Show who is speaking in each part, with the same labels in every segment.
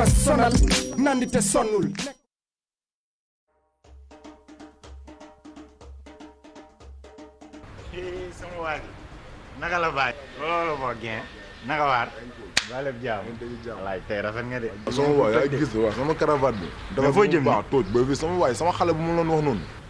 Speaker 1: ma sonal nandi te sonnul sama waaj naka la baaj loolu boo geen naka waar baleb jaam wallaay tey rafet nga de sama waay yaa gis waa sama caravane bi dafa baax tooj ba bi sama waay sama xale bu mu loon wax noonu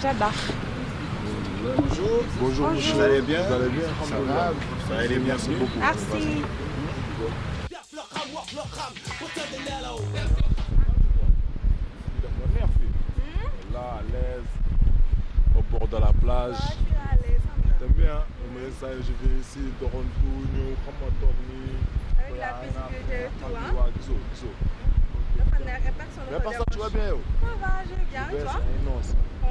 Speaker 1: j'adore Bonjour. Bonjour. Vous allez bien Vous allez bien Ça va Ça bien, merci beaucoup. Merci. Là, à l'aise, au bord de la plage. Hein. T'aimes bien hein. je vais ici, Avec la visite de tu bien oh? Ça va, je vais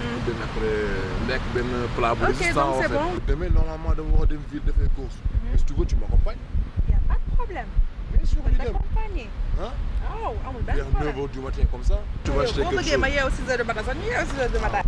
Speaker 1: dem après lekk benn plat bu l'instant en fait demain normalement dama war a dem ville dafay course mhm. si tu veux tu m'accompagnes Il n'y a pas de problème bien sûr je ñu dem ah waaw amul benn problème vers 9 h du matin comme ça tu ah, vas acheter quelque chose boo bëggee ma yeewu 6 heures du matin sax ñu yeewu 6 heures du matin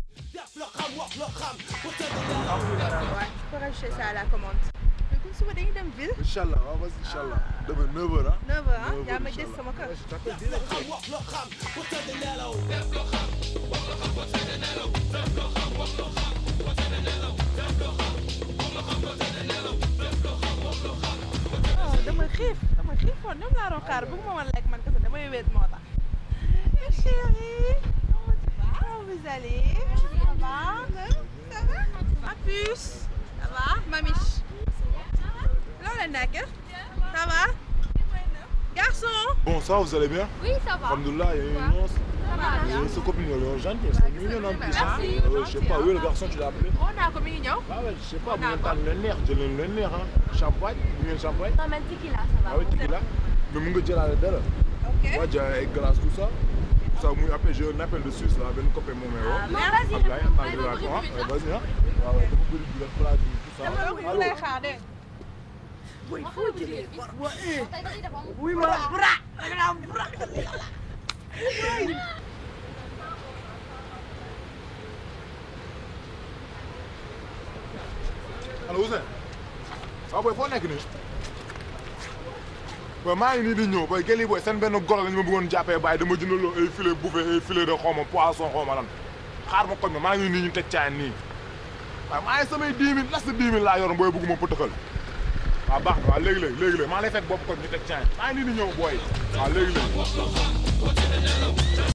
Speaker 1: Ouais, je peux rajouter ça à la commande. kon suba dañuy dem ville. incha allah waaw bas incha allah. demain 9h ah. 9h ah yaa ma des sama kër. dama xiif dama xiifoon ñoom laa doon xaar bëgg ma woon lekk man kese damay wéet moo tax. chérie. Comment tu vas? Vous allez? Ça va? Ça va Mamiche. Là, on est Ça va Garçon bon ça, vous allez bien Oui, ça va. Alhamdoulilah, il y a une immense. Et son copain il est gentilles, c'est mignon en plus. Merci. Euh, je sais pas, hein. où le garçon, tu l'as appelé On a communion. Ah ouais, je sais pas, moi, t'as le nerf, l'ai le nerf. Hein. Champagne, bien champagne. Non, mais tequila, ça va. Ah oui, tequila. Mais mon gars, j'ai là dedans? Ok. Moi, j'ai un glace, tout ça ça j'ai un appel de Suisse là ah, un copain mon mon mais y waaw maa ngi nii di ñëw booy gëli booy seen benn golo lañ ma bëggoon jàppee bàyyi dama jëndaloo ay filet bouffé ay filet de xawma poisson xawma lan xaar ma koñ ma maa ngi nii ñu te caan nii waaw maa ngi samay dix mille las dix mille laa yoroon booy bëgguma pëtëxal waaw baax na waaw léegi-léegi léegi-léegi maa lay fekk bopp koñ ñu teg caan maa ngi nii di ñëw booy waaw léegi-léegi